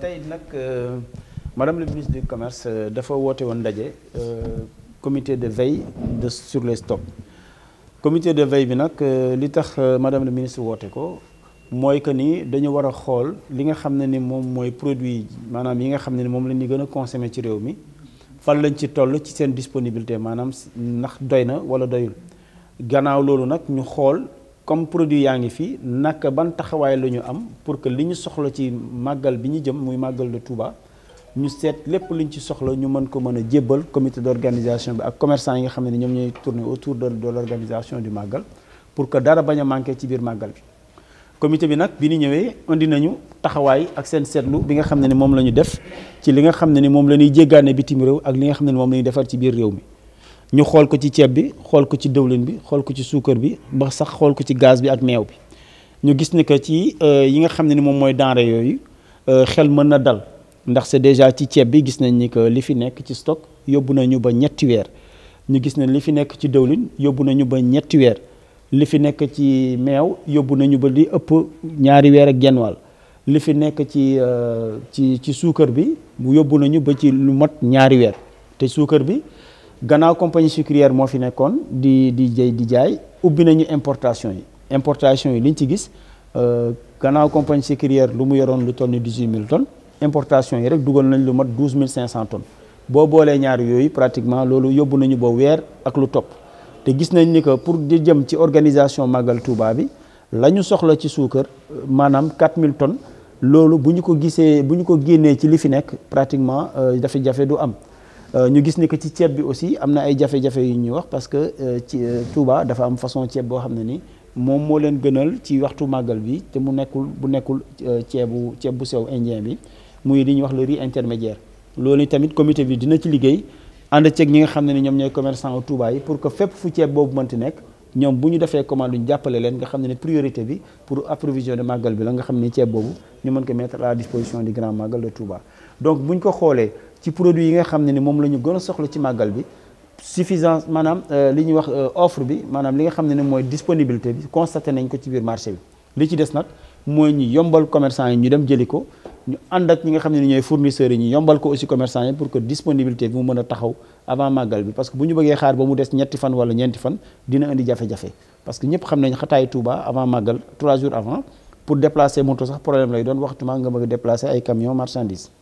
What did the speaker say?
tay nak euh, madame le ministre du commerce euh, dafa woté won dajé euh, comité de veille de sur les stocks comité de veille bi nak li tax madame le ministre woté ko moy que ni dañu wara xol li nga xamné ni mom moy produit manam yi nga xamné ni mom la ni gëna consommer ci réew mi fal lañ ci toll ci sen disponibilité manam ndax doyna wala doyul gannaaw lolu nak ñu xol comme produit yaa ngi fii naka ban taxawaay la ñu am pour que li ñu soxla ci màggal bi ñu jëm muy màggal de Touba ñu seet lépp ñu ci soxla ñu mën ko mën a jébbal comité d'organisation bi ak commerçant yi nga xam ne ñoom ñooy tourner autour de de l'organisation du màggal pour que dara bañ a manqué ci biir màggal bi comité bi nag bi ñu ñëwee indi nañu taxawaay ak seen seetlu bi nga xam ne ni moom la ñu def ci li nga xam ne ni moom la ñuy jéggaane bitim réew ak li nga xam ne moom ñuy defar ci biir mi ñu xool ko ci ceeb bi xool ko ci dëwlin bi xool ko ci suukar bi ba sax xool ko ci gaz bi ak meew bi ñu gis ni que ci euh, yi nga xam ne ni moom mooy denrée yooyu euh, xel mën na dal ndax c'est déjà ci ceeb bi gis nañ ni que li fi nekk ci stock yóbbu nañu ba ñetti weer ñu gis ne li fi nekk ci dëwlin yóbbu nañu ba ñetti weer li fi nekk ci meew yóbbu nañu ba li ëpp ñaari weer ak genn wàll li fi nekk ci euh, ci ci suukar bi mu yóbbu nañu ba ci lu mat ñaari weer te suukar bi gannaaw compagnie sucrière mo fi nekkone di di jey di jaay ubbi nañu importation yi importation yi liñ ci gis euh, gannaaw compagnie sucrière lu mu yoroon lu toll ni tonnes importation yi rek duggal nañ lu mat 12500 tonnes bo bolé ñaar yooyu pratiquement lolu yóbbu nañu ba weer ak lu top té gis nañ ni que pour di jëm ci organisation magal Touba bi lañu soxla ci sucre manam 4000 tonnes lolu buñu ko gissé buñu ko génnee ci li fi nekk pratiquement dafa euh, jafé du am. Euh, ñu gis ni que ci ceeb bi aussi am na ay jafe-jafe yu wax parce que euh, ci euh, Touba dafa am façon ceeb boo Mon ne ni moom moo leen gënal ci waxtu magal bi té mu nekkul bu nekkul ceebu ceeb sew indien bi muy li wax le riz intermédiaire loolu tamit comité bi dina ci liggéey ci ak ñi nga xamné ñom ñoy commerçant Touba yi pour que fep fu ceeb boobu mënti nekk ñoom buñu défé commande ñu jappalé lén nga xamné ne priorité bi pour approvisionner magal bi la nga xamné ci bobu ñu mën ko mettre à la disposition du grand magal de Touba. donc buñ ko xolé ci produit yi nga xamné ne ni moom la soxla ci magal bi suffisance manam euh, li ñuy wax euh, offre bi manam li nga xamné né moy disponibilité bi constaté nañ ko ci biir marché bi li ci dess nak moy ñu yombal commerçant yi ñu dem jëliko ñu and ak ñi nga xamné ñoy fournisseur yi ñu yombal ko aussi commerçant yi pour que disponibilité bi mu mën taxaw avant màggal bi parce que bu ñu bëggee xaar ba mu des ñetti fan wala ñeenti fan dina indi jafe-jafe parce que ñëpp xam nañ xataay Touba avant màggal trois jours avant pour déplacer moto sax problème lay doon waxtu maa nga bëgg déplacer ay camion marchandise